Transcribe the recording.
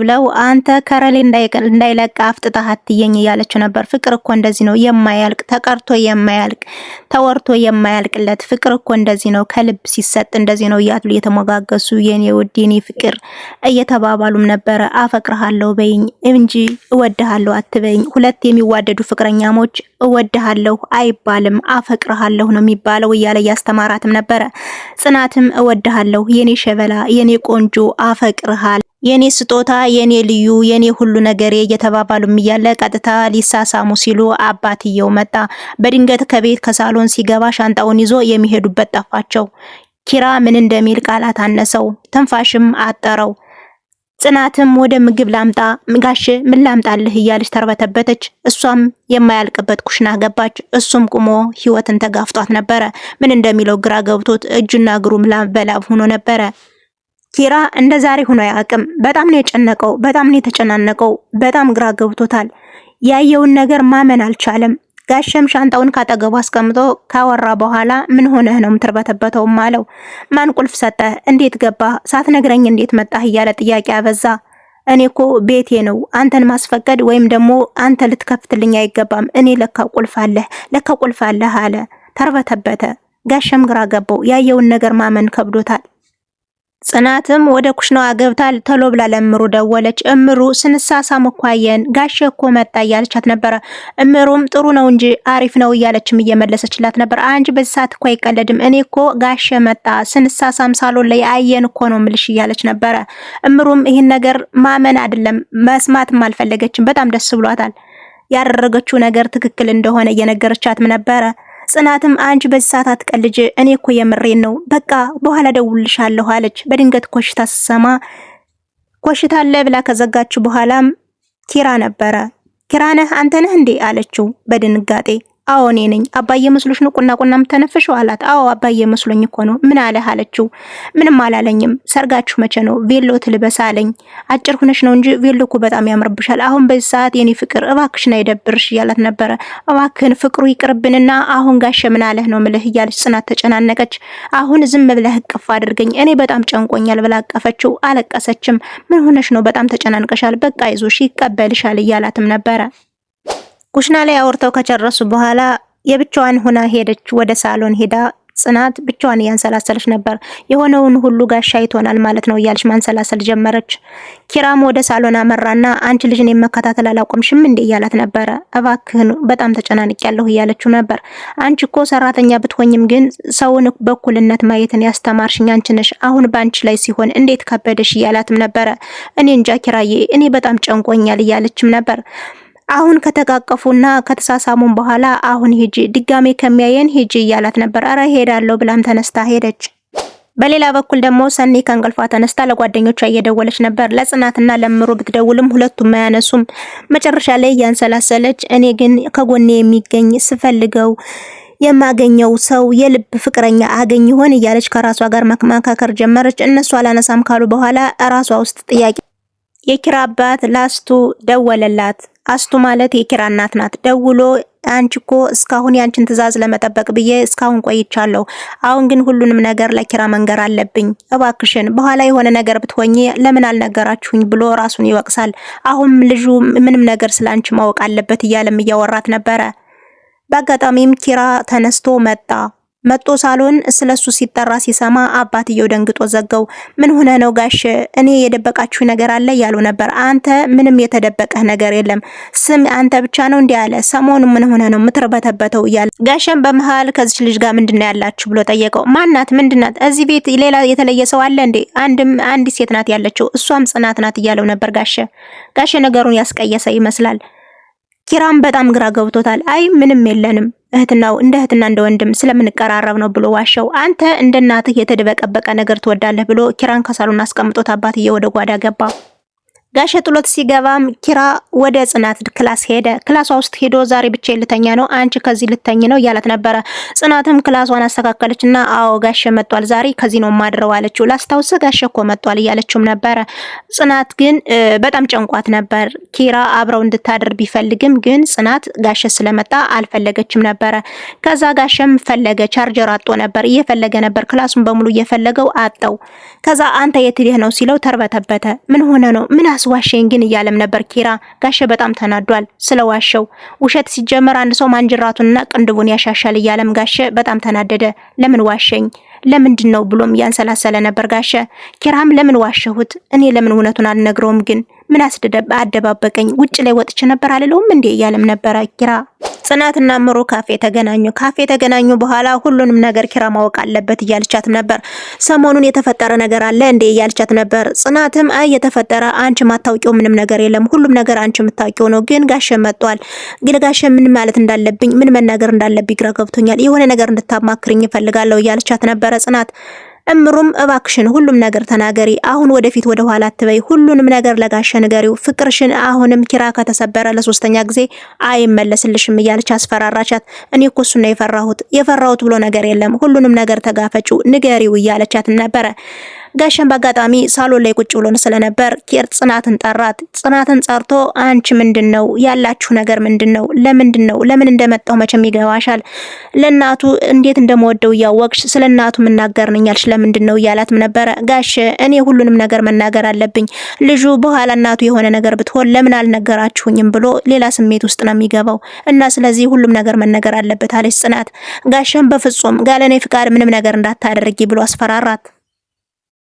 ብለው አንተ ከረሌ እንዳይለቅ አፍጥጠህ አትየኝ እያለችው ነበር። ፍቅር እኮ እንደዚህ ነው የማያልቅ ተቀርቶ የማያልቅ ተወርቶ የማያልቅለት ፍቅር እኮ እንደዚህ ነው ከልብ ሲሰጥ እንደዚህ ነው እያሉ እየተሞጋገሱ የኔ ውድ የኔ ፍቅር እየተባባሉም ነበረ። አፈቅርሃለሁ በይኝ እንጂ እወድሃለሁ አትበይኝ። ሁለት የሚዋደዱ ፍቅረኛሞች እወድሃለሁ አይባልም አፈቅርሃለሁ ነው የሚባለው እያለ እያስተማራትም ነበረ። ጽናትም እወድሃለሁ የኔ ሸበላ የኔ ቆንጆ አፈቅርሃል የኔ ስጦታ፣ የኔ ልዩ፣ የኔ ሁሉ ነገሬ እየተባባሉም እያለ ቀጥታ ሊሳሳሙ ሲሉ አባትየው መጣ። በድንገት ከቤት ከሳሎን ሲገባ ሻንጣውን ይዞ የሚሄዱበት ጠፋቸው። ኪራ ምን እንደሚል ቃላት አነሰው፣ ትንፋሽም አጠረው። ጽናትም ወደ ምግብ ላምጣ ጋሽ ምን ላምጣልህ እያለች ተርበተበተች። እሷም የማያልቅበት ኩሽና ገባች። እሱም ቁሞ ህይወትን ተጋፍጧት ነበረ። ምን እንደሚለው ግራ ገብቶት እጁና እግሩም በላብ ሆኖ ነበረ። ኪራ እንደ ዛሬ ሆኖ አያውቅም። በጣም ነው የጨነቀው፣ በጣም ነው የተጨናነቀው፣ በጣም ግራ ገብቶታል። ያየውን ነገር ማመን አልቻለም። ጋሸም ሻንጣውን ካጠገቡ አስቀምጦ ካወራ በኋላ ምን ሆነህ ነው የምትርበተበተውም? አለው። ማን ቁልፍ ሰጠህ? እንዴት ገባህ? ሳትነግረኝ እንዴት መጣህ? እያለ ጥያቄ አበዛ። እኔ እኮ ቤቴ ነው አንተን ማስፈቀድ ወይም ደግሞ አንተ ልትከፍትልኝ አይገባም። እኔ ለካ ቁልፍ አለህ፣ ለካ ቁልፍ አለህ አለ። ተርበተበተ። ጋሸም ግራ ገባው። ያየውን ነገር ማመን ከብዶታል። ጽናትም ወደ ኩሽናዋ ገብታ ተሎ ብላ ለእምሩ ደወለች። እምሩ ስንሳሳ መኳየን አየን ጋሼ እኮ መጣ እያለቻት ነበረ። እምሩም ጥሩ ነው እንጂ አሪፍ ነው እያለችም እየመለሰችላት ነበር። አንቺ በዚህ ሰዓት እኮ አይቀለድም፣ እኔ እኮ ጋሼ መጣ ስንሳሳም ሳሎን ላይ አየን እኮ ነው ምልሽ እያለች ነበረ። እምሩም ይህን ነገር ማመን አይደለም መስማትም አልፈለገችም። በጣም ደስ ብሏታል። ያደረገችው ነገር ትክክል እንደሆነ እየነገረቻትም ነበረ። ጽናትም አንቺ በዚህ ሰዓት አትቀልጅ፣ እኔ እኮ የምሬን ነው፣ በቃ በኋላ ደውልሻለሁ አለች። በድንገት ኮሽታ ስትሰማ ኮሽታ አለ ብላ ከዘጋችሁ በኋላም ኪራ ነበረ። ኪራ ነህ አንተ ነህ እንዴ አለችው በድንጋጤ አዎ እኔ ነኝ። አባዬ መስሎሽ ነው ቁና ቁና የምተነፍሸው አላት። አዎ አባዬ መስሎኝ እኮ ነው። ምን አለህ አለችው። ምንም አላለኝም። ሰርጋችሁ መቼ ነው? ቬሎ ትልበስ አለኝ። አጭር ሁነሽ ነው እንጂ ቬሎ እኮ በጣም ያምርብሻል። አሁን በዚህ ሰዓት የኔ ፍቅር እባክሽን አይደብርሽ እያላት ነበረ። እባክህን ፍቅሩ ይቅርብንና አሁን ጋሼ ምን አለህ ነው ምልህ እያለች ጽናት ተጨናነቀች። አሁን ዝም ብለህ እቅፍ አድርገኝ እኔ በጣም ጨንቆኛል ብላ አቀፈችው። አለቀሰችም። ምን ሆነሽ ነው? በጣም ተጨናንቀሻል። በቃ ይዞሽ ይቀበልሻል እያላትም ነበረ ኩሽና ላይ አውርተው ከጨረሱ በኋላ የብቻዋን ሆና ሄደች። ወደ ሳሎን ሄዳ ጽናት ብቻዋን እያንሰላሰለች ነበር። የሆነውን ሁሉ ጋሻ ይቶናል ማለት ነው እያለች ማንሰላሰል ጀመረች። ኪራም ወደ ሳሎን አመራና አንቺ ልጅን የመከታተል መከታተል አላቆምሽም እንዴ እያላት ነበረ። እባክህን በጣም ተጨናንቄያለሁ እያለችው ነበር። አንቺ እኮ ሰራተኛ ብትሆኝም ግን ሰውን በእኩልነት ማየትን ያስተማርሽኝ አንቺ ነሽ። አሁን በአንቺ ላይ ሲሆን እንዴት ከበደሽ እያላትም ነበረ። እኔ እንጃ ኪራዬ፣ እኔ በጣም ጨንቆኛል እያለችም ነበር አሁን ከተቃቀፉና ከተሳሳሙን በኋላ አሁን ሂጂ ድጋሜ ከሚያየን ሂጂ እያላት ነበር። አረ ሄዳለሁ ብላም ተነስታ ሄደች። በሌላ በኩል ደግሞ ሰኒ ከእንቅልፏ ተነስታ ለጓደኞቿ እየደወለች ነበር። ለጽናትና ለምሩ ብትደውልም ሁለቱም አያነሱም። መጨረሻ ላይ እያንሰላሰለች እኔ ግን ከጎኔ የሚገኝ ስፈልገው የማገኘው ሰው የልብ ፍቅረኛ አገኝ ይሆን እያለች ከራሷ ጋር መካከር ጀመረች። እነሱ አላነሳም ካሉ በኋላ ራሷ ውስጥ ጥያቄ የኪራ አባት ላስቱ ደወለላት። አስቱ ማለት የኪራ እናት ናት። ደውሎ አንቺ እኮ እስካሁን ያንቺን ትዕዛዝ ለመጠበቅ ብዬ እስካሁን ቆይቻለሁ። አሁን ግን ሁሉንም ነገር ለኪራ መንገር አለብኝ። እባክሽን በኋላ የሆነ ነገር ብትሆኚ ለምን አልነገራችሁኝ ብሎ ራሱን ይወቅሳል። አሁን ልጁ ምንም ነገር ስላንቺ ማወቅ አለበት እያለም እያወራት ነበረ። በአጋጣሚም ኪራ ተነስቶ መጣ። መጦ ሳሎን ስለሱ ሲጠራ ሲሰማ አባትየው ደንግጦ ዘገው ምን ሆነ ነው ጋሽ? እኔ የደበቃችሁ ነገር አለ እያሉ ነበር። አንተ ምንም የተደበቀህ ነገር የለም፣ ስም አንተ ብቻ ነው እንዲህ አለ። ሰሞኑ ምን ሆነ ነው ምትርበተበተው? እያለ ጋሸን በመሃል ከዚች ልጅ ጋር ምንድን ነው ያላችሁ ብሎ ጠየቀው። ማናት? ምንድናት? እዚህ ቤት ሌላ የተለየ ሰው አለ እንዴ? አንድም አንድ ሴት ናት ያለችው፣ እሷም ጽናት ናት እያለው ነበር ጋሸ። ጋሸ ነገሩን ያስቀየሰ ይመስላል። ኪራም በጣም ግራ ገብቶታል። አይ ምንም የለንም እህትናው እንደ እህትና እንደ ወንድም ስለምንቀራረብ ነው ብሎ ዋሸው። አንተ እንደ እናትህ የተደበቀበቀ ነገር ትወዳለህ ብሎ ኪራን ከሳሎን አስቀምጦት አባትዬ ወደ ጓዳ ገባ። ጋሸ ጥሎት ሲገባም ኪራ ወደ ጽናት ክላስ ሄደ። ክላሷ ውስጥ ሄዶ ዛሬ ብቻ ልተኛ ነው፣ አንቺ ከዚህ ልተኝ ነው እያላት ነበረ። ጽናትም ክላሷን አስተካከለች እና አዎ ጋሸ መጥቷል፣ ዛሬ ከዚህ ነው ማድረው አለችው። ላስታውስ ጋሸ እኮ መጥቷል እያለችውም ነበረ። ጽናት ግን በጣም ጨንቋት ነበር። ኪራ አብረው እንድታደር ቢፈልግም ግን ጽናት ጋሸ ስለመጣ አልፈለገችም ነበረ። ከዛ ጋሸም ፈለገ፣ ቻርጀር አጥቶ ነበር፣ እየፈለገ ነበር፣ ክላሱን በሙሉ እየፈለገው አጣው። ከዛ አንተ የት ነው ሲለው ተርበተበተ። ምን ሆነ ነው ምን ዋሸኝ ግን እያለም ነበር ኪራ። ጋሸ በጣም ተናዷል ስለዋሸው። ውሸት ሲጀመር አንድ ሰው ማንጅራቱንና ቅንድቡን ያሻሻል እያለም ጋሸ በጣም ተናደደ። ለምን ዋሸኝ ለምንድን ነው ብሎም እያንሰላሰለ ነበር ጋሸ። ኪራም ለምን ዋሸሁት እኔ ለምን እውነቱን አልነግረውም ግን ምን አስደደብ አደባበቀኝ ውጭ ላይ ወጥቼ ነበር አልለውም እንዴ እያለም ነበረ ኪራ ጽናትና ምሩ ካፌ ተገናኙ። ካፌ ተገናኙ በኋላ ሁሉንም ነገር ኪራ ማወቅ አለበት እያልቻት ነበር። ሰሞኑን የተፈጠረ ነገር አለ እንዴ እያልቻት ነበር። ጽናትም አይ የተፈጠረ አንቺ ማታውቂው ምንም ነገር የለም፣ ሁሉም ነገር አንቺ የምታውቂው ነው። ግን ጋሸ መጥቷል። ግን ጋሸ ምን ማለት እንዳለብኝ ምን መናገር እንዳለብኝ ግራ ገብቶኛል። የሆነ ነገር እንድታማክርኝ እፈልጋለሁ እያልቻት ነበረ ጽናት እምሩም እባክሽን ሁሉም ነገር ተናገሪ፣ አሁን ወደፊት ወደ ኋላ አትበይ፣ ሁሉንም ነገር ለጋሸ ንገሪው፣ ፍቅርሽን አሁንም ኪራ ከተሰበረ ለሶስተኛ ጊዜ አይመለስልሽም እያለች አስፈራራቻት። እኔ እኮ እሱን ነው የፈራሁት የፈራሁት ብሎ ነገር የለም፣ ሁሉንም ነገር ተጋፈጩ፣ ንገሪው እያለቻት ነበረ። ጋሸን በአጋጣሚ ሳሎን ላይ ቁጭ ብሎን ስለነበር ኬር ጽናትን ጠራት። ጽናትን ጠርቶ አንቺ ምንድን ነው ያላችሁ ነገር ምንድን ነው? ለምንድን ነው ለምን እንደመጣው መቼም ይገባሻል። ለእናቱ እንዴት እንደመወደው እያወቅሽ ስለ እናቱ መናገር ለምንድን ነው እያላትም ነበረ። ጋሽ እኔ ሁሉንም ነገር መናገር አለብኝ ልጁ በኋላ እናቱ የሆነ ነገር ብትሆን ለምን አልነገራችሁኝም ብሎ ሌላ ስሜት ውስጥ ነው የሚገባው እና ስለዚህ ሁሉም ነገር መነገር አለበት አለች ጽናት። ጋሸን በፍጹም ጋለኔ ፍቃድ ምንም ነገር እንዳታደርጊ ብሎ አስፈራራት።